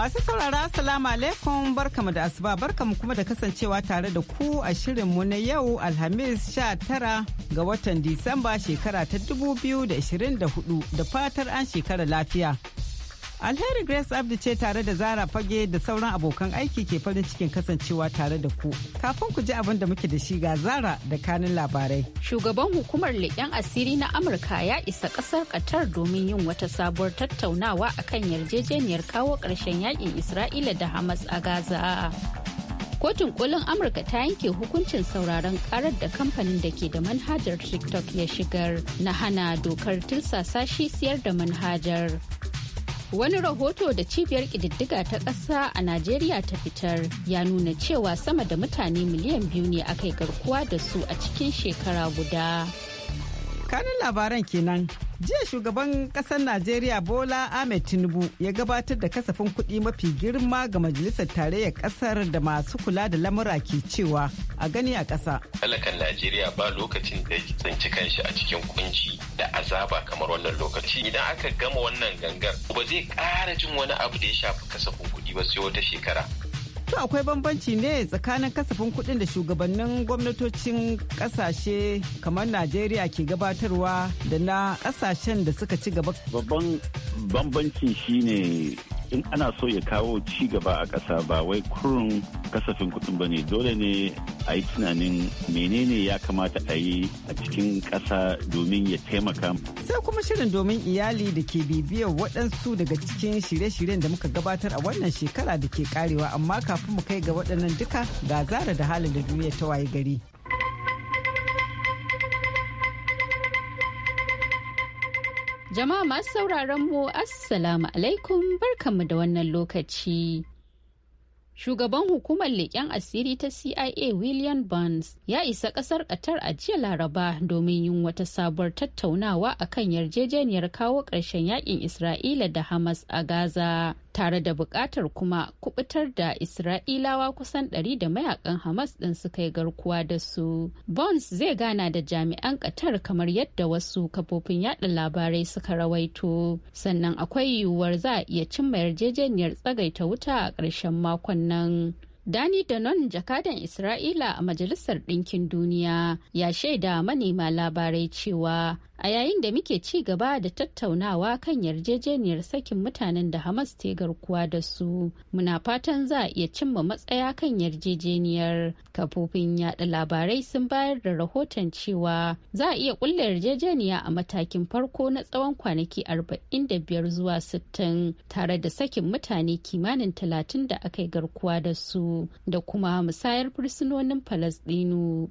Masu saurara Assalamu alaikum barkamu da asuba barkamu kuma da kasancewa tare da ku a shirinmu na yau Alhamis sha tara ga watan Disamba shekara ta 2024 da fatar an shekara lafiya. Alheri Grace Abdi ce tare da Zara Fage da sauran abokan aiki ke farin cikin kasancewa tare da ku. Kafin ku ji abin da muke da shi ga Zara da kanin labarai. Shugaban hukumar leƙen asiri na Amurka ya isa ƙasar Qatar domin yin wata sabuwar tattaunawa akan yarjejeniyar kawo ƙarshen yakin Isra'ila da Hamas a Gaza. Kotun kolin Amurka ta yanke hukuncin sauraron karar da kamfanin da ke da manhajar TikTok ya shigar na hana dokar tilsa sashi siyar da manhajar. Wani rahoto da cibiyar ƙididdiga ta ƙasa a Najeriya ta fitar ya nuna cewa sama da mutane miliyan biyu ne aka yi garkuwa da su a cikin shekara guda. kanin labaran kenan jiya shugaban kasar najeriya bola ahmed tinubu ya gabatar da kasafin kuɗi mafi girma ga majalisar tarayyar kasar da masu kula da lamura ke cewa a gani a ƙasa. talakan najeriya ba lokacin da ya tsinci kanshi a cikin kunci da azaba kamar wannan lokaci idan aka gama wannan gangar ba zai ƙara jin wani abu da ya shafi kasafin kuɗi ba sai wata shekara To akwai bambanci ne tsakanin kasafin kudin da shugabannin gwamnatocin kasashe kamar Najeriya ke gabatarwa da na kasashen da suka ci gaba. Babban bambanci shine in ana so ya kawo ci gaba a ƙasa ba wai kurin kasafin kuɗin ba ne dole ne a yi tunanin menene ya kamata a yi a cikin ƙasa domin ya taimaka. Sai kuma shirin domin iyali da ke bibiyar waɗansu daga cikin shirye-shiryen da muka gabatar a wannan shekara da ke karewa amma kafin mu kai ga waɗannan duka ga zara da halin da duniya ta waye gari. Jama'a masu sauraron mu Assalamu alaikum barkanmu da wannan lokaci. Shugaban hukumar leƙen asiri ta CIA William Burns ya isa ƙasar ƙatar a jiya Laraba domin yin wata sabuwar tattaunawa akan yarjejeniyar kawo ƙarshen yakin Isra'ila da Hamas a Gaza. tare da buƙatar kuma kubutar da isra'ilawa kusan ɗari da mayakan hamas ɗin suka yi garkuwa da su bonds zai gana da jami'an ƙatar kamar yadda wasu kafofin yada labarai suka rawaito sannan akwai yiwuwar za a iya cimma yarjejeniyar tsagaita wuta a ƙarshen makon nan Dani da Non, jakadan Isra'ila a Majalisar Ɗinkin Duniya ya shaida manema labarai cewa a yayin da muke ci gaba da tattaunawa kan yarjejeniyar sakin mutanen da hamas ta garkuwa da su muna fatan za a iya cimma matsaya kan yarjejeniyar kafofin yada labarai sun bayar da rahoton cewa za a iya kulle yarjejeniya a matakin farko na tsawon kwanaki 45 zuwa 60 tare da sakin mutane kimanin 30 da aka yi garkuwa da su da kuma musayar fursunonin falasdinu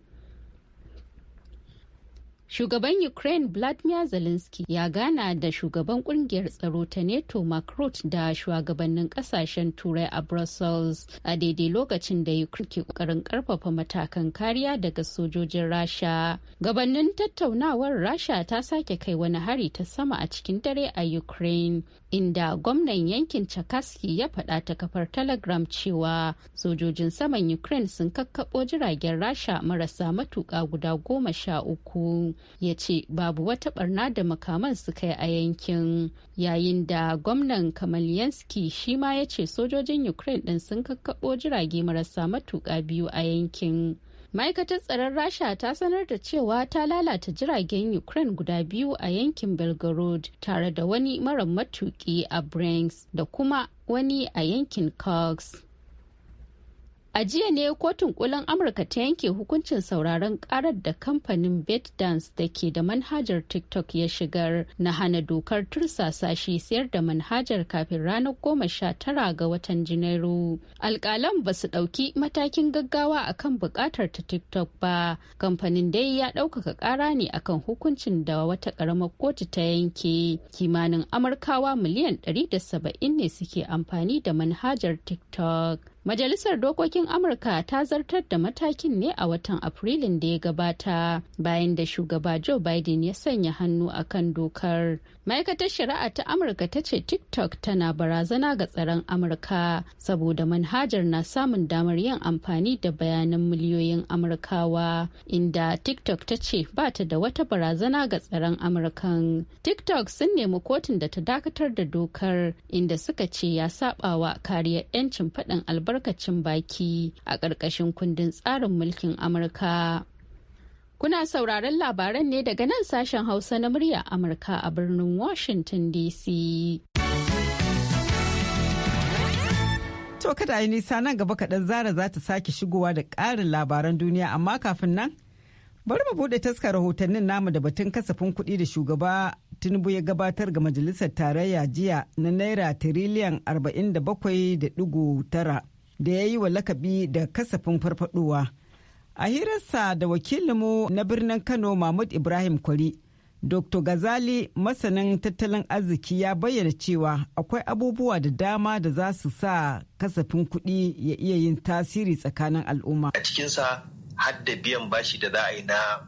Shugaban Ukraine Vladimir Zelensky ya gana da shugaban kungiyar tsaro ta NATO Mark Rutte da shugabannin kasashen Turai a Brussels a daidai lokacin da Ukraine ke kokarin karfafa matakan kariya daga sojojin Rasha. Gabannin tattaunawar Rasha ta sake kai wani hari ta sama a cikin dare a Ukraine inda gwamnan yankin Chakaski ya faɗa ta kafar Telegram cewa sojojin saman Ukraine sun kakkabo jiragen Rasha marasa matuƙa guda goma sha uku. ya ce babu wata barna da makaman suka yi a yankin yayin da gwamnan kamalyanski shi ma ya ce sojojin ukraine ɗin sun kakkaɓo jirage marasa matuka biyu a yankin ma'aikatar tsaron rasha ta sanar da cewa ta lalata jiragen ukraine guda biyu a yankin belgorod tare da wani mara matuki a brinks da kuma wani a yankin cox A jiya ne kotun kulin Amurka ta yanke hukuncin sauraron karar da kamfanin BitDance da ke da manhajar TikTok ya shigar na hana dokar tursasa shi siyar da manhajar kafin ranar goma sha tara ga watan Janairu. Alkalan ba su ɗauki matakin gaggawa akan buƙatar ta TikTok ba. Kamfanin dai ya ɗaukaka ƙara ne akan hukuncin da wata ƙaramar kotu ta yanke. Kimanin Amurkawa miliyan 170 ne suke amfani da manhajar TikTok. Majalisar Dokokin Amurka ta zartar da matakin ne a watan Afrilun da ya gabata bayan da shugaba Joe Biden ya sanya hannu a kan dokar. Ma'aikatar Shari'a ta Amurka ta ce TikTok tana barazana ga tsaron Amurka saboda manhajar na samun damar yin amfani da bayanan miliyoyin Amurkawa inda TikTok ta ce ba ta da wata barazana ga tsaron Amurkan. TikTok sun nemi kotun da ta dakatar da dokar inda suka ce ya sabawa kariyar 'yancin faɗin albarka albarkacin baki a ƙarƙashin kundin tsarin mulkin Amurka. Kuna sauraron labaran ne daga nan sashen Hausa na murya Amurka a birnin Washington DC. To kada yi nisa nan gaba kaɗan zara za ta sake shigowa da ƙarin labaran duniya amma kafin nan bari mu buɗe taskar rahotannin namu da batun kasafin kuɗi da shugaba tinubu ya gabatar ga majalisar tarayya jiya na naira tiriliyan 47.9 da ya yi wa lakabi da kasafin farfadowa. A hirarsa da wakilinmu na birnin Kano Mahmud Ibrahim Kwari, Dr. Gazali masanin tattalin arziki ya bayyana cewa akwai abubuwa da dama da za su sa kasafin kuɗi ya iya yin tasiri tsakanin al'umma. A cikinsa hadda biyan bashi da za a yi na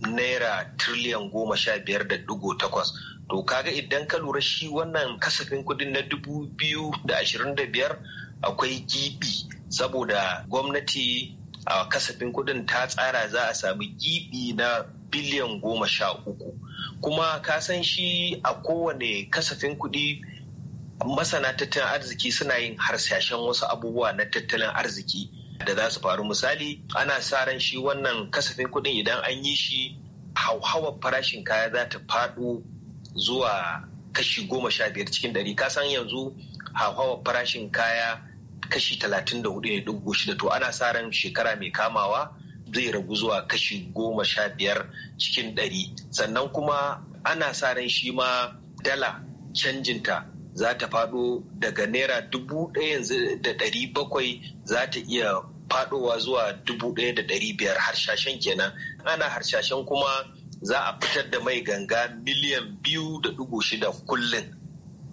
naira tiriliyan goma sha biyar da dugo takwas to kaga idan ka lura shi wannan kasafin kuɗin na dubu biyu da ashirin da biyar akwai gibi saboda gwamnati a kasafin kudin ta tsara za a sami gibi na biliyan goma sha uku kuma ka san shi a kowane kasafin kudi masana tattalin arziki suna yin harsashen wasu abubuwa na tattalin arziki da za su faru misali ana sa ran shi wannan kasafin kudin idan an yi shi hauhawar farashin kaya za ta faɗo zuwa kashi goma sha biyar cikin ɗari kasan yanzu hauhawar farashin kaya kashi 34.6 to ana sa ran shekara mai kamawa zai ragu zuwa kashi goma sha biyar cikin ɗari sannan kuma ana sa ran shi ma dala canjinta za ta faɗo daga naira dubu ɗaya da ɗari bakwai za ta iya faɗowa zuwa dubu ɗaya da ɗari biyar harshashen kenan ana harshashen kuma za a fitar da mai ganga miliyan biyu da dubu shida kullum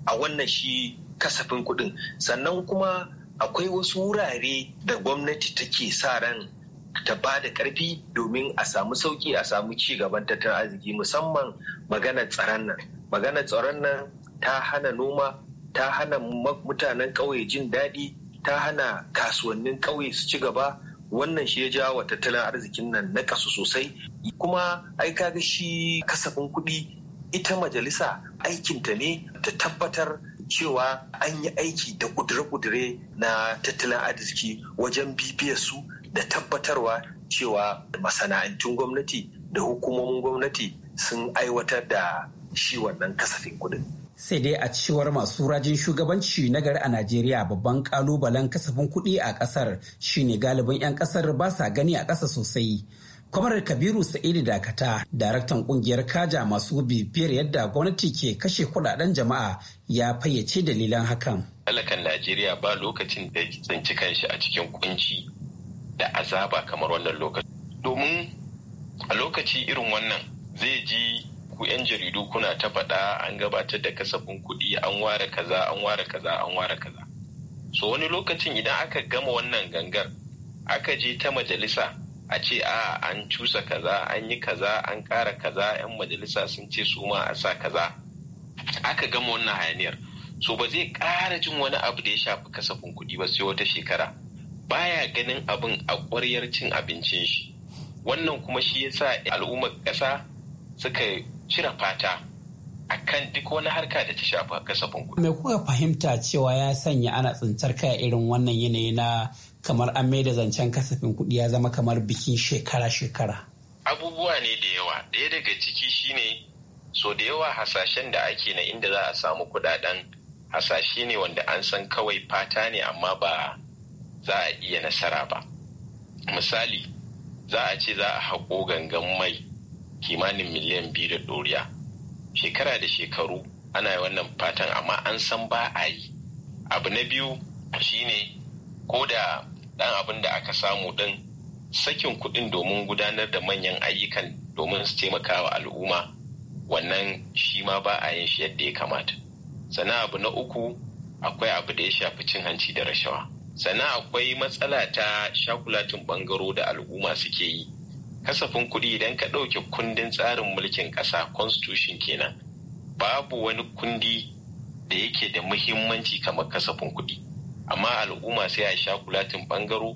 a wannan shi kasafin kuɗin sannan kuma akwai wasu wurare da gwamnati take sa ran ta ba da karfi domin a samu sauki a samu ci gaban tattalin arziki musamman maganar tsaron nan maganar tsaron nan ta hana noma ta hana mutanen ƙauye jin daɗi ta hana kasuwannin ƙauye su ci gaba wannan shi ya ja wa tattalin arzikin nan na kasu sosai kuma ai kaga shi kasafin kuɗi ita majalisa aikinta ne ta tabbatar cewa an yi aiki da kudure-kudure na tattalin arziki wajen bibiyarsu, su da tabbatarwa cewa masana'antun gwamnati da hukumomin gwamnati sun aiwatar da shi wannan kasafin kudin. Sai dai a cewar masu rajin shugabanci nagari a Najeriya babban kalubalen kasafin kuɗi a ƙasar shine galibin 'yan ƙasar ba sa gani a ƙasa sosai. Kwamar Kabiru Sa'idu Dakata, daraktan kungiyar Kaja masu bibiyar yadda gwamnati ke kashe kudaden jama'a ya fayyace dalilan hakan. Talakan Najeriya ba lokacin da ya tsinci kanshi a cikin kunci da azaba kamar wannan lokaci. Domin a lokaci irin wannan zai ji ku 'yan jaridu kuna ta faɗa an gabatar da kasafin kuɗi an ware kaza an ware kaza an ware kaza. So wani lokacin idan aka gama wannan gangar aka je ta majalisa a ce a an cusa kaza an yi kaza an kara kaza 'yan majalisa sun ce su ma a sa kaza aka gama wannan hayaniyar so ba zai ƙara jin wani abu da ya shafi kasafin kuɗi ba sai wata shekara baya ganin abin a ƙwaryar cin abincin shi wannan kuma shi ya sa al'ummar kasa suka cire fata a kan duk wani harka da ta shafi kasafin kuɗi. Me kuka fahimta cewa ya sanya ana tsintar kai irin wannan yanayi na kamar an da zancen kasafin kuɗi ya zama kamar bikin shekara-shekara. Abubuwa ne da yawa, ɗaya daga ciki shine so da yawa hasashen da ake na inda za a samu kuɗaɗen hasashe ne wanda an san kawai fata ne amma ba za a iya nasara ba. Misali, za a ce za a haƙo gangan mai kimanin miliyan biyu da ɗoriya. Shekara da shekaru ana wannan fatan amma an san ba a yi. Abu na biyu shine ko da Dan abin da aka samu din sakin kuɗin domin gudanar da manyan ayyukan domin su taimaka wa al'umma wannan shi ma ba a yin shi yadda ya kamata sannan abu na uku akwai abu da ya shafi cin hanci da rashawa sannan akwai matsala ta shakulatin bangaro da al'umma suke yi kasafin kuɗi idan ka ɗauke kundin tsarin mulkin ƙasa constitution kenan babu wani kundi da yake da muhimmanci kamar kasafin kuɗi amma al'umma sai a sha kulatin bangaro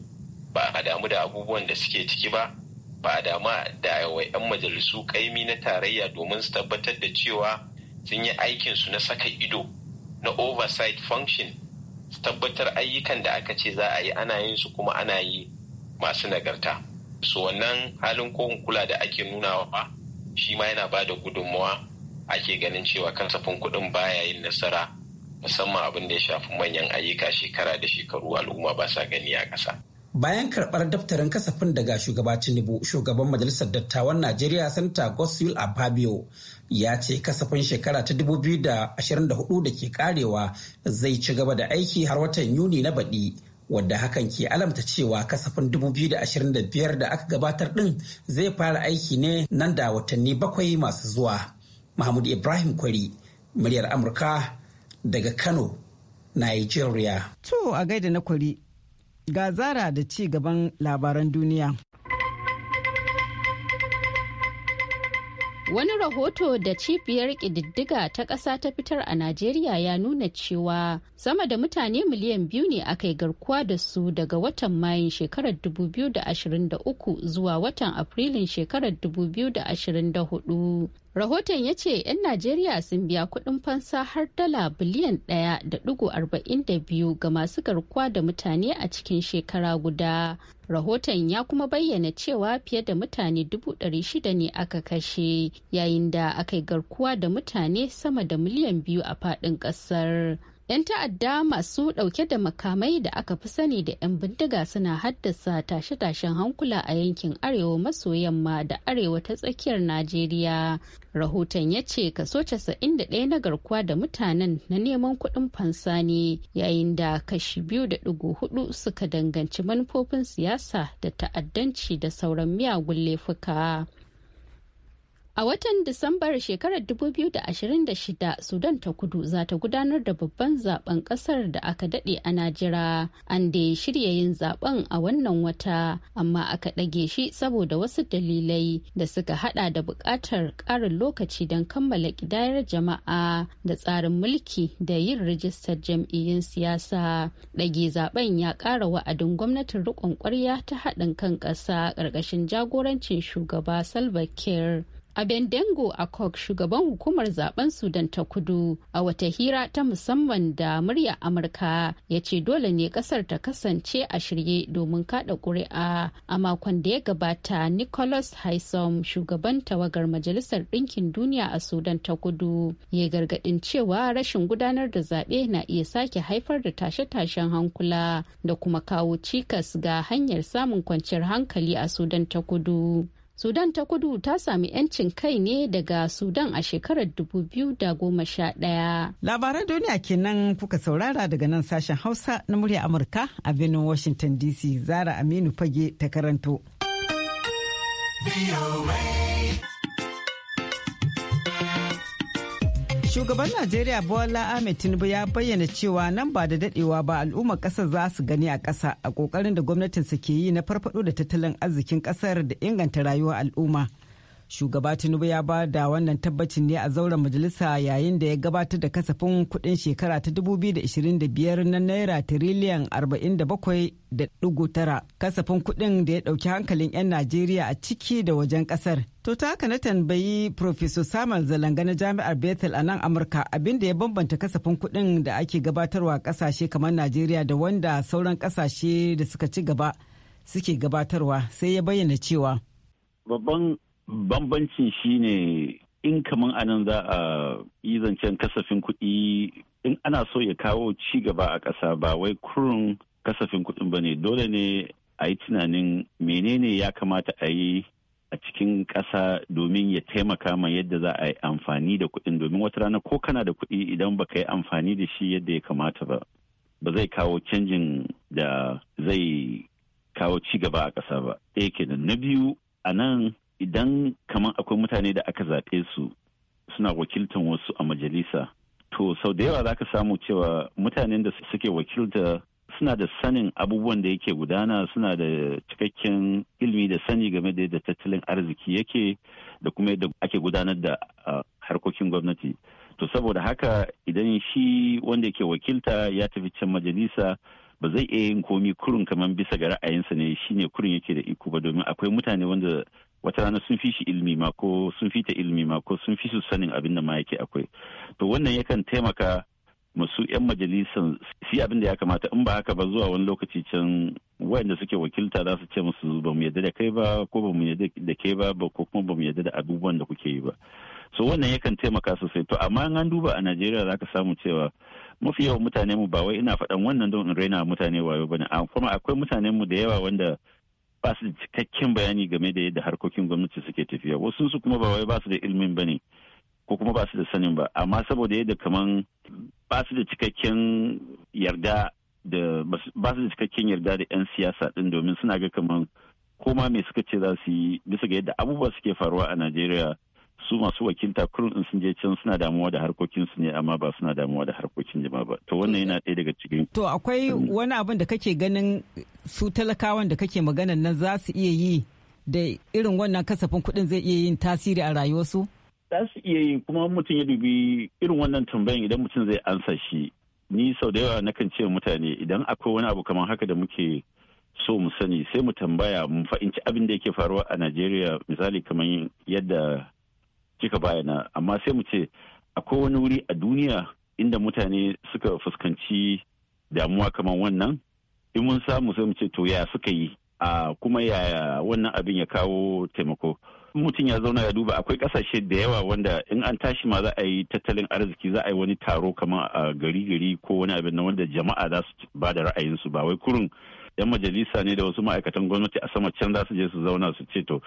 ba a damu da abubuwan da suke ciki ba ba a damu da wa 'yan majalisu kaimi na tarayya domin su tabbatar da cewa sun yi aikinsu na saka ido na oversight function su tabbatar ayyukan da aka ce za a yi ana yin su kuma ana yi masu nagarta su wannan halin ko kula da ake nunawa ba shi ma yana ba da gudunmawa ake ganin cewa kasafin kuɗin baya yin nasara musamman abin da ya shafi manyan ayyuka shekara da shekaru al'umma ba sa gani a ƙasa. Bayan karɓar daftarin kasafin daga shugaba Tinubu, shugaban Majalisar Dattawan Najeriya Santa Gosul Ababio ya ce kasafin shekara ta 2024 da ke karewa zai ci gaba da aiki har watan Yuni na baɗi. Wadda hakan ke alamta cewa kasafin 2025 da aka gabatar ɗin zai fara aiki ne nan da watanni bakwai masu zuwa. Mahmud Ibrahim Kwari, muryar Amurka, daga Kano, Nigeria. To a gaida na kwari, ga zara da ci gaban labaran duniya. Wani rahoto da cibiyar ƙididdiga ta ƙasa ta fitar a Najeriya ya nuna cewa sama da mutane miliyan biyu ne aka yi garkuwa da su daga watan Mayun shekarar 2023 zuwa watan Afrilun shekarar 2024 Rahoton ya ce 'yan Najeriya sun biya kuɗin fansa har dala biliyan ɗaya da ɗigo arba'in da biyu ga masu garkuwa da mutane a cikin shekara guda. Rahoton ya kuma bayyana cewa fiye da mutane dubu ɗari shida ne aka kashe yayin da aka garkuwa da mutane sama da miliyan biyu a faɗin ƙasar. 'Yan ta'adda masu ɗauke da makamai da aka fi sani da 'yan bindiga suna haddasa tashe-tashen hankula a yankin arewa maso yamma da arewa ta tsakiyar Najeriya. Rahoton ya ce kaso 91 na garkuwa da mutanen na neman kuɗin fansa ne yayin da kashi biyu da hudu suka danganci manufofin siyasa da ta'addanci da sauran miyagun laifuka. A watan Disambar shekarar 2026 Sudan ta kudu za ta gudanar da babban zaben kasar da aka daɗe a jira. An da shirya yin zaben a wannan wata, amma aka ɗage shi saboda wasu dalilai da suka haɗa da buƙatar ƙarin lokaci don kammala ƙidayar jama'a da tsarin mulki da yin rijistar jam'iyyun siyasa. Ɗage zaben ya ƙara wa'adin gwamnatin riƙon ƙwarya ta haɗin kan ƙasa ƙarƙashin jagorancin shugaba Salva Kiir. Abendengo Akok shugaban hukumar zaben Sudan ta kudu a wata hira ta musamman da murya Amurka ya ce dole ne kasar ta kasance a shirye domin kada kuri'a a makon da ya gabata Nicholas Haysom shugaban tawagar majalisar ɗinkin duniya a Sudan ta kudu ya gargaɗin cewa rashin gudanar da zaɓe na iya sake haifar da tashe-tashen hankula da kuma kawo cikas ga hanyar samun kwanciyar hankali a Sudan ta kudu. Sudan ta kudu ta sami 'yancin kai ne daga Sudan a shekarar 2011. Labaran duniya kenan kuka saurara daga nan sashen Hausa na murya Amurka a birnin Washington DC Zara Aminu Fage ta karanto. Shugaban Najeriya Bola Ahmed Tinubu ya bayyana cewa nan ba da dadewa ba al'ummar kasar za su gani a ƙasa a ƙoƙarin da gwamnatinsa ke yi na farfado da tattalin arzikin ƙasar da inganta rayuwar al'umma. shugaba tinubu ya ba da wannan tabbacin ne a zauren majalisa yayin da ya gabatar da kasafin kudin shekara ta 2025 na naira tiriliyan 47.9 kasafin kudin da ya dauki hankalin 'yan najeriya a ciki da wajen kasar to ta haka na tambayi professor samuel zalanga na jami'ar bethel a nan amurka abin da ya bambanta kasafin kudin da ake gabatarwa kasashe kamar najeriya da wanda sauran kasashe da suka ci gaba suke gabatarwa sai ya bayyana cewa babban bambanci shine in kamar anan za a yi zancen kasafin kuɗi in ana so ya kawo ci gaba a ƙasa ba wai kurun kasafin kuɗin ba ne dole ne a yi tunanin menene ya kamata a yi a cikin ƙasa domin ya taimaka ma yadda za a yi amfani da kuɗin domin wata rana ko kana da kuɗi idan ba ka yi amfani da shi yadda ya kamata ba ba zai kawo canjin da zai kawo ci gaba a ƙasa ba na biyu a nan idan kamar akwai mutane da aka zaɓe su suna wakiltan wasu a majalisa to sau da yawa za ka samu cewa mutanen da suke wakilta suna da sanin abubuwan da yake gudana suna da cikakken ilmi da sani game da yadda tattalin arziki yake da kuma yadda ake gudanar da harkokin gwamnati to saboda haka idan shi wanda yake wakilta ya tafi can majalisa ba zai iya yin komi kurin kamar bisa ga ra'ayinsa ne shine kurin yake da iko ba domin akwai mutane wanda wata rana sun fi shi ilmi ma ko sun fi ta ilmi ma ko sun fi su sanin abin da ma yake akwai to wannan yakan taimaka masu 'yan majalisan si abin da ya kamata in ba haka ba zuwa wani lokaci can wayanda suke wakilta za su ce musu ba mu yadda da kai ba ko ba mu yadda da kai ba ko kuma ba mu yadda da abubuwan da kuke yi ba so wannan yakan taimaka sosai to amma in an duba a najeriya za ka samu cewa mafi yawan mutane mu ba wai ina faɗan wannan don in raina mutane wayo bane kuma akwai mutanen mu da yawa wanda ba su da cikakken bayani game da yadda harkokin gwamnati suke tafiya wasu su kuma ba wai ba su da ilimin ba ne ko kuma ba su da sanin ba amma saboda yadda kaman ba su da cikakken yarda da ba su da cikakken yarda da 'yan siyasa din domin suna ga kamar koma me suka ce za su yi bisa ga yadda abubuwa suke faruwa a najeriya su masu wakilta kurun in sun je can suna damuwa da harkokin su ne amma ba suna damuwa da harkokin jama'a ba to wannan yana ɗaya daga cikin to akwai wani abin da kake ganin su talakawan da kake maganan nan za su iya yi da irin wannan kasafin kuɗin zai iya yin tasiri a rayuwarsu za su iya yi kuma mutum ya dubi irin wannan tambayan idan mutum zai ansa shi ni sau da yawa nakan ce mutane idan akwai wani abu kamar haka da muke so mu sani sai mu tambaya mu fahimci abin da yake faruwa a Najeriya misali kamar yadda kika bayyana amma sai mu ce akwai wani wuri a duniya inda mutane suka fuskanci damuwa kamar wannan in mun samu sai mu ce to ya suka yi a kuma ya wannan abin ya kawo taimako mutum ya zauna ya duba akwai kasashe da yawa wanda in an tashi ma za a yi tattalin arziki za a yi wani taro kamar a gari gari ko wani abin na wanda jama'a za su ba da ra'ayinsu ba wai kurin. yan majalisa ne da wasu ma'aikatan gwamnati a sama can za su je su zauna su ce to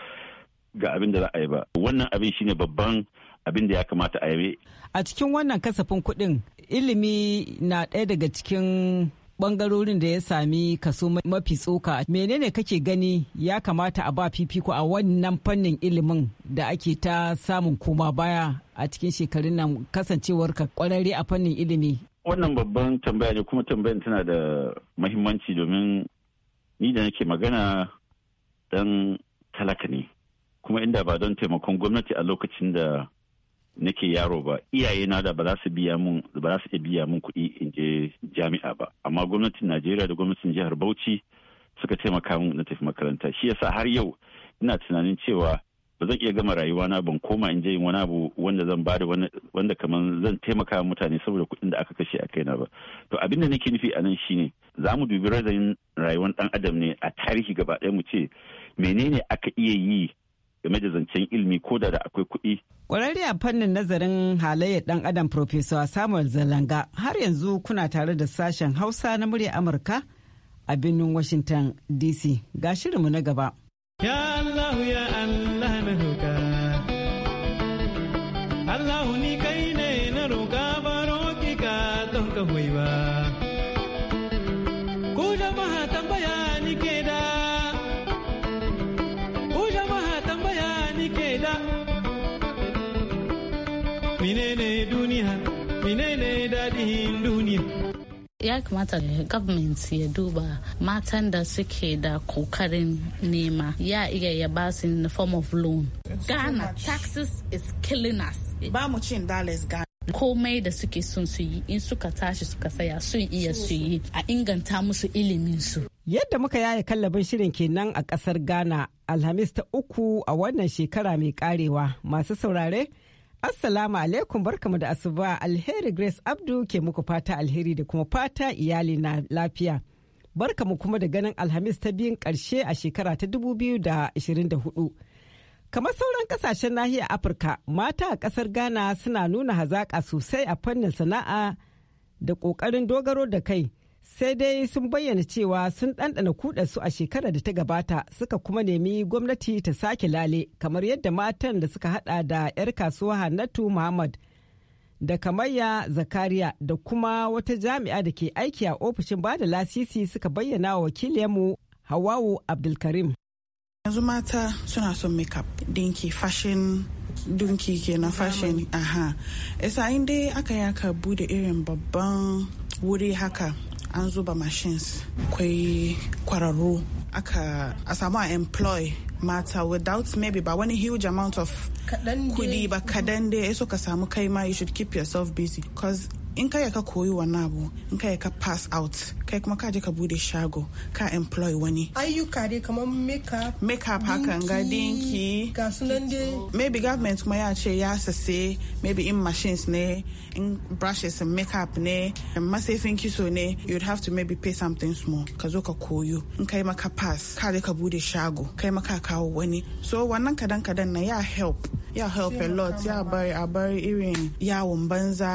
ga abin da za a yi ba wannan abin shine babban abin da ya kamata a yi a cikin wannan kasafin kuɗin ilimi na ɗaya daga cikin bangarorin da ya sami kaso mafi tsoka menene kake gani ya kamata a ba fifiko a wannan fannin ilimin da ake ta samun koma baya a cikin shekarun nan kasancewar ka kwararre a fannin ilimi wannan babban tambaya ne kuma tambayan tana da mahimmanci domin ni da nake magana dan talaka ne kuma inda ba don taimakon gwamnati a lokacin da nake yaro ba iyaye na da ba za su biya mun iya biya mun kuɗi in je jami'a ba amma gwamnatin Najeriya da gwamnatin jihar Bauchi suka taimaka mun na tafi makaranta shi yasa har yau ina tunanin cewa ba zan iya gama rayuwa na ban koma in je yin wani abu wanda zan bada wanda kamar zan taimaka mutane saboda kuɗin da aka kashe a kaina ba to abin da nake nufi a nan shine za mu dubi razayin rayuwar ɗan adam ne a tarihi gaba ɗaya mu ce menene aka iya yi game da zancen ilimi ko da da akwai kuɗi. Ƙwararre a fannin nazarin halayyar ɗan adam Profesa Samuel Zalanga har yanzu kuna tare da sashen Hausa na murya Amurka a birnin Washington DC ga shirinmu na gaba. Ya Allah ya Allah na Allah ni ya kamata da government ya duba matan da suke da kokarin nema ya iya ya basu in the form of loan ghana taxes is killing us ba mu cin dollars ghana komai da suke son su yi in suka tashi suka saya sun iya su yi a inganta musu ilimin su. Yadda muka yaye kallabin shirin kenan a kasar Ghana Alhamis ta uku a wannan shekara mai karewa masu saurare Assalamu alaikum barkamu da asuba alheri Grace Abdu ke muku fata alheri da kuma fata iyali na lafiya. Barkamu kuma da ganin Alhamis ta biyun karshe a shekara ta 2024. Kamar sauran kasashen nahiyar Afirka, mata a kasar Ghana suna nuna hazaƙa sosai a fannin sana'a da ƙoƙarin dogaro da kai sai dai sun bayyana cewa sun ɗanɗana su a shekarar da ta gabata suka kuma nemi gwamnati ta sake lale kamar yadda matan da suka hada da 'yar kasuwa hannatu muhammad da kamayya zakariya da kuma wata jami'a da ke aiki a ofishin bada lasisi suka bayyana wa wakilinmu hawawu abdulkarim yanzu mata suna son makeup dinki fashin dunki kenan fashin aha isa in dai aka yaka bude irin babban wuri haka an zuba machines kwai kwararru aka a samu a employ mata without maybe ba wani huge amount of kudi ba kadan dai so ka samu kai ma you should keep yourself busy because in kai ka koyi wannan abu in kai ka pass out kai kuma ka ka bude shago ka employ wani ayyuka dai kamar makeup makeup hakan ga dinki ga sunan dai maybe government kuma ya ce ya sase maybe in machines ne in brushes and makeup ne masifin kiso ne you'd have to maybe pay something small ka zo ka koyo in kai maka pass ka je ka bude shago kai maka kawo wani so wannan kadan kadan na ya help ya help a lot ya bari a bari irin yawon banza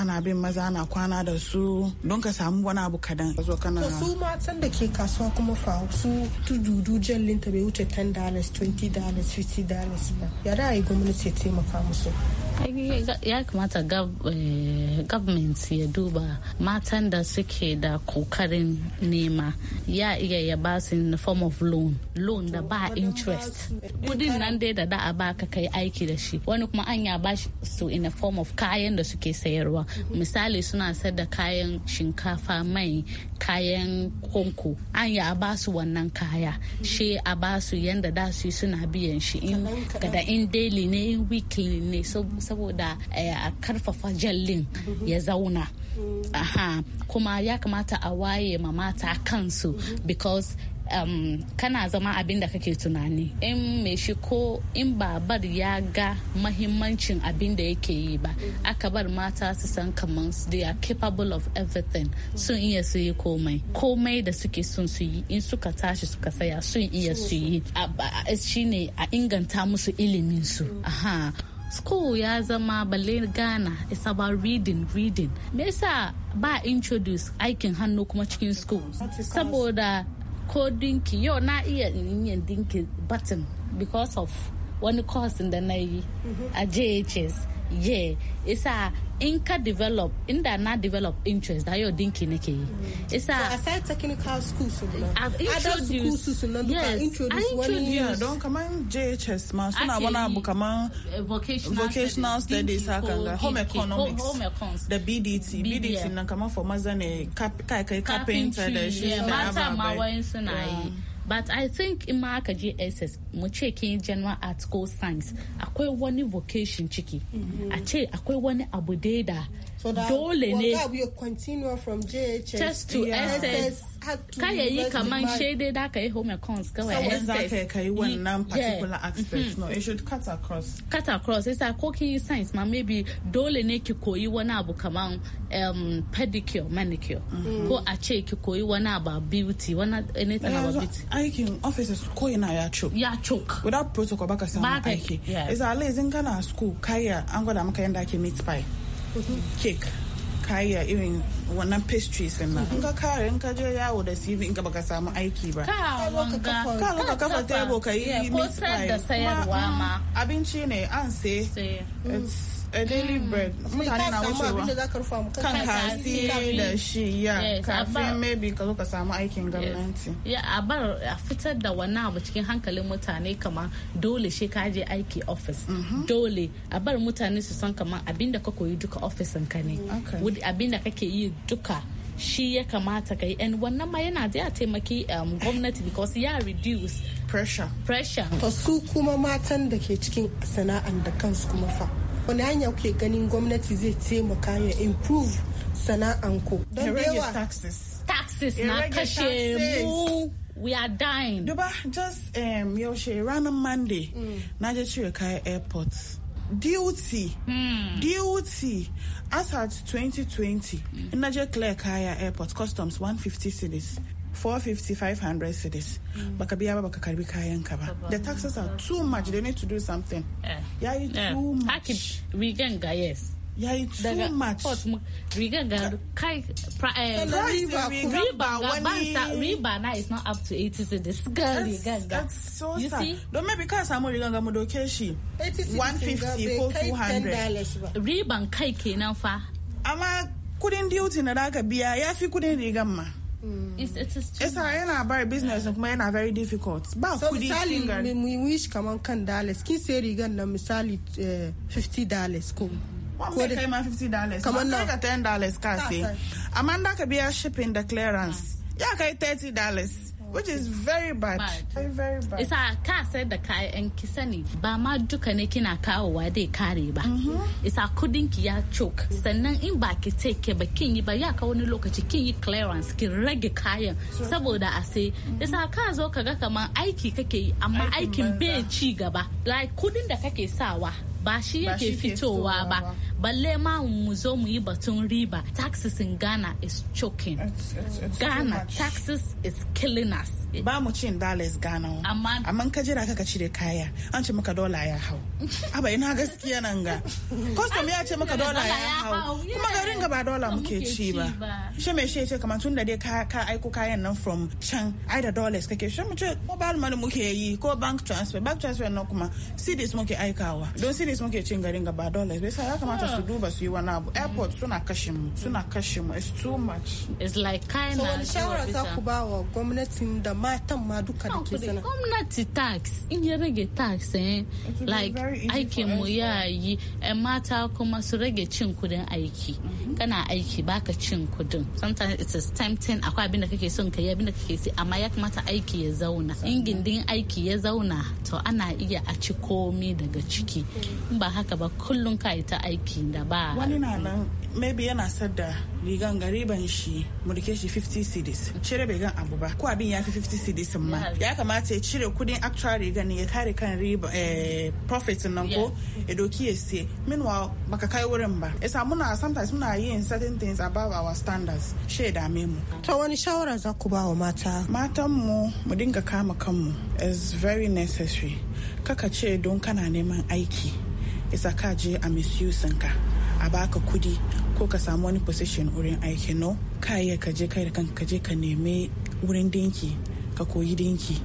ana bin maza ana kwana da su don ka samu wani abu kadan ka zo kana to su matan da ke kasuwa kuma fa su tududu jallin ta bai wuce 10 dollars 20 dollars 50 dollars ba ya ai gwamnati ya taimaka musu ya kamata eh, government ya duba matan da suke da kokarin nema ya iya ya ba su in the form of loan loan da ba interest kudin nan dai da da'a ba ka kai aiki da shi wani kuma an ya ba su in the form of kayan da suke sayarwa misali suna sayar da kayan shinkafa mai kayan konko an ya ba su wannan kaya shi a ba su yanda da su suna biyan shi in gada in daily ne in weekly ne saboda eh, a karfafa jallin mhm. ya zauna mm. kuma ya kamata a waye ma mata kansu mhm. because um, kana zama abin da kake tunani in mai shi ko in babar ya ga mahimmancin abin da yake yi ba mm. aka bar mata su san kamar they are capable of everything sun iya su yi komai komai da suke sun su yi in suka tashi suka saya sun iya su yi shine a inganta musu ilimin su mm. school ya zama balle ghana it's about reading reading me yasa ba introduce aikin hannu kuma cikin school saboda ko dinki yau na iya yin dinki button because of wani course da na yi mm-hmm. a jhs yeah isa in ka develop inda na develop interest da yau dinki nake yi mm. isa so aside technical school su na adult school su na duka introduce wani yeah don kaman JHS ma suna wani abu kaman eh, vocational studies ga home economics da BDT BDT nan kaman for maza ne kai kai carpenter da shi da ma wayan suna yi but i think in ma aka je ss mu ce kin general article science akwai wani vocation ciki mm-hmm. a ce akwai wani abu da So dole ne test to yeah. ss ka ya yi kaman shaidai da ka yi home accounts kawai ss za ka ka yi wannan particular aspect mm-hmm. no it should cut across cut across isa ko ki yi science ma maybe dole ne ki koyi wani abu kaman um, pedicure manicure mm-hmm. ko a ce ki koyi wani abu beauty wani anything yeah, about beauty aikin offices ko ina ya choke ya choke without protocol baka samu aiki isa alaizin kana school kaya an gwada maka yanda ake meet pie cake kaya irin wannan pastries din nan in ka kare in ka je yawo da CV in ka baka samu aiki ba ka ka kafa table ka yi mix pie abinci ne an sai daily hmm. bread mutane na wa kan hasi da shi ya kafin maybe ka zo ka samu aikin gwamnati ya a bar a fitar da wani abu cikin hankalin mutane kamar dole shi ka je aiki office mhm. dole a bar mutane su san kamar abinda ka koyi duka ofisin ka ne abinda kake yi duka shi ya kamata ka and wannan ma yana da ya taimaki um, gwamnati because ya reduce pressure pressure to su kuma matan da ke cikin sana'an da kansu kuma fa wani hanya kuke ganin gwamnati zai taimaka ya improve sana'anku don taxes taxes na kashe mu we are dying duba just um, yaushe ranar monday mm. na je cire kayan airport duty hmm. duty as at 2020 mm. na clear kaya airport customs 150 cities 450 500 cities mm. baka biya ba baka karbi kayan ba the taxes are too much they need to do something eh. Yeah, it's yeah, too much weekend ga yes Yeah, it's too much oh, riga ga kai eh, riba na is not up to 80 cedis girl, riga that's so you sad see? don maybe ka samu riga ga mu doke shi 150 ko 200 riban kai kenan fa amma kudin duty na biya ya fi kudin rigan ma Mm. It's, it's a Isa yana bar business kuma yana very difficult. Ba so misali wish kaman kan dollars kin sai rigan nan misali 50 eh, dollars ko. Ko kai ma 50 dollars. Kaman nan ka 10 dollars ka sai. Amma da ka biya shipping da clearance. Ya kai 30 dollars. which is very bad. Very, very bad. Isa ka sayar da kayan ki sani ba ma duka ne kina kawowa dai kare ba. Mm-hmm. Isa kudin ki ya choke sannan in ba ki take ba kin yi ba ya ka wani lokaci kin yi clearance ki rage kayan saboda a sai. Mm-hmm. Isa ka zo kaga ga kaman aiki kake yi amma aikin bai ci gaba. Like kudin da kake sawa ba shi yake fitowa ba balle ma mu zo mu yi batun riba taxes in ghana is choking it's, it's, it's ghana taxes is killing us ba mu cin dollars ghana amma amma ka jira ka cire kaya an ce maka dola ya hau aba ina gaskiya nan ga custom ya ce maka dola ya hau kuma garin ga ba dola muke ci ba shi me shi ce kamar tun da dai ka aiko kayan nan from can ai da dollars kake shi mu ce mobile money muke yi ko bank transfer bank transfer nan kuma cedis muke aikawa don cedis muke cin garin ga ba dollars bai sa ya kamata su duba su yi wani abu airport suna kashe mu suna kashe mu it's too much it's like kind so wani shawara za ku ba wa gwamnatin da matan ma duka da ke sana gwamnati tax in ya rage tax eh like aikin mu ya yi eh, mata kuma su rage cin kudin aiki mm-hmm. kana aiki baka cin kudin sometimes it is tempting akwai abin da kake son ka yi abin da kake si amma ya kamata aiki ya zauna in gindin aiki ya zauna to ana iya a ci komi daga ciki in ba haka ba kullum ka yi ta aiki shi da ba wani na nan maybe yana sadda rigan gariban shi murke shi 50 cedis cire bai gan abu ba ko abin ya fi 50 cedis ma ya kamata ya cire kudin actual rigan ya kare kan riba eh, profit nan ko ya doki ya siye meanwhile baka kai wurin ba isa muna sometimes muna yin certain things above our standards she dame mu ta wani shawara za ku ba wa mata matan mu mu dinga kama kanmu is very necessary kaka ce don kana neman aiki isa ka je a misusing ka a baka kudi ko ka samu wani position wurin aiki no ka iya ka je kai da kanka ka je ka nemi wurin dinki ka koyi dinki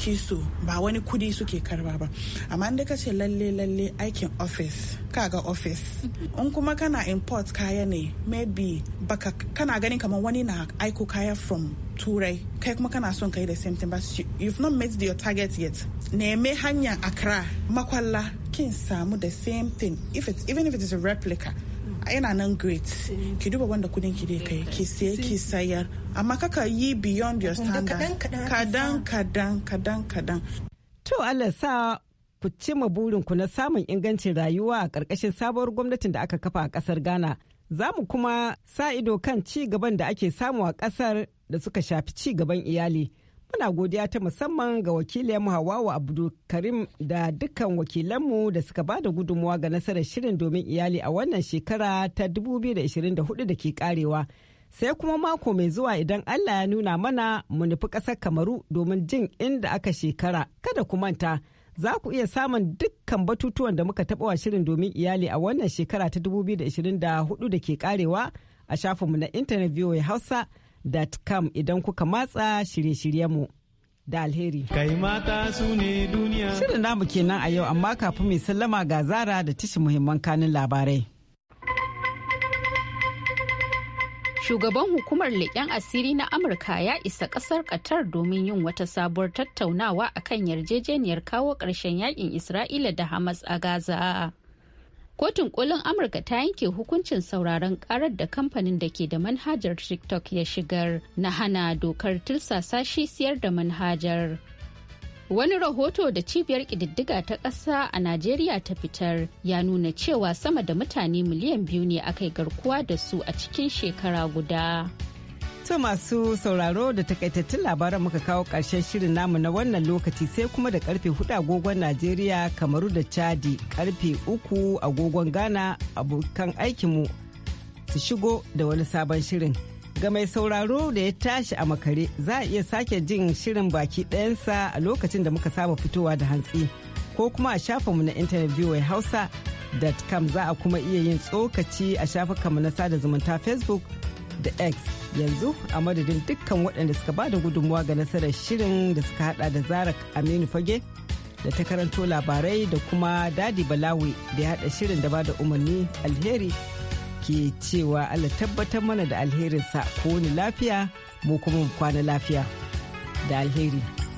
kiso ba wani kudi suke karba ba amma inda ka ce lalle lalle aikin office kaga office in kuma kana import kaya ne maybe baka kana ganin kamar wani na aiko kaya from turai kai kuma kana son kai da same thing but you've not met your target yet neme hanyar akra makwalla kin samu the same thing if it's even if it is a replica mm. yana nan great mm. ki duba wanda kudin ki dai kai ki sai ki mm. sayar amma kaka yi beyond your standard kadan kadan kadan kadan to Allah sa ku cima burinku na samun ingancin rayuwa a ƙarƙashin sabuwar gwamnatin da aka kafa a kasar Ghana za mu kuma sa ido kan ci gaban da ake samu a ƙasar da suka shafi ci gaban iyali. Muna godiya ta musamman ga wakilinmu Hawawa Abdulkarim da dukkan wakilanmu da suka ba da gudunmuwa ga nasarar shirin domin iyali a wannan shekara ta 2024 da ke karewa. Sai kuma mako mai zuwa idan Allah ya nuna mana mu nufi ƙasar Kamaru domin jin inda aka shekara kada ku manta. Za ku iya samun dukkan batutuwan da muka taɓa wa shirin domin iyali a wannan shekara ta 2024 da ke karewa a shafinmu na intanet Hausa. com idan kuka matsa shirye-shiryenmu da alheri. Kai mata su ne duniya. Shirin namu kenan a yau amma kafin mai sallama ga zara da tashi muhimman kanin labarai. Shugaban hukumar leƙen asiri na Amurka ya isa ƙasar Qatar domin yin wata sabuwar tattaunawa akan yarjejeniyar kawo ƙarshen yakin Isra'ila da Hamas a Gaza. kotun kolin amurka ta yanke hukuncin sauraron karar da kamfanin da ke da manhajar tiktok ya shigar na hana dokar tilsasa shi siyar da manhajar Wani rahoto da cibiyar ƙididdiga ta ƙasa a Najeriya ta fitar ya nuna cewa sama da mutane miliyan biyu ne aka yi garkuwa da su a cikin shekara guda. To masu sauraro da takaitattun labaran muka kawo ƙarshen shirin namu na wannan lokaci sai kuma da karfe hudu agogon Najeriya kamaru da Chadi karfe uku agogon Ghana abokan aikinmu su shigo da wani sabon shirin. Ga mai sauraro da ya tashi a makare za a iya sake jin shirin baki ɗayansa a lokacin da muka saba fitowa da hantsi ko kuma a mu na intanet VOA Hausa. com za a kuma iya yin tsokaci a shafukanmu na sada zumunta facebook da x yanzu a madadin dukkan waɗanda suka ba da gudunmuwa ga nasarar shirin da suka hada da zara aminu fage da ta karanto labarai da kuma dadi balawi da ya hada shirin da bada umarni alheri ke cewa allah tabbatar mana da alherinsa ko ni lafiya mu kuma kwana lafiya da alheri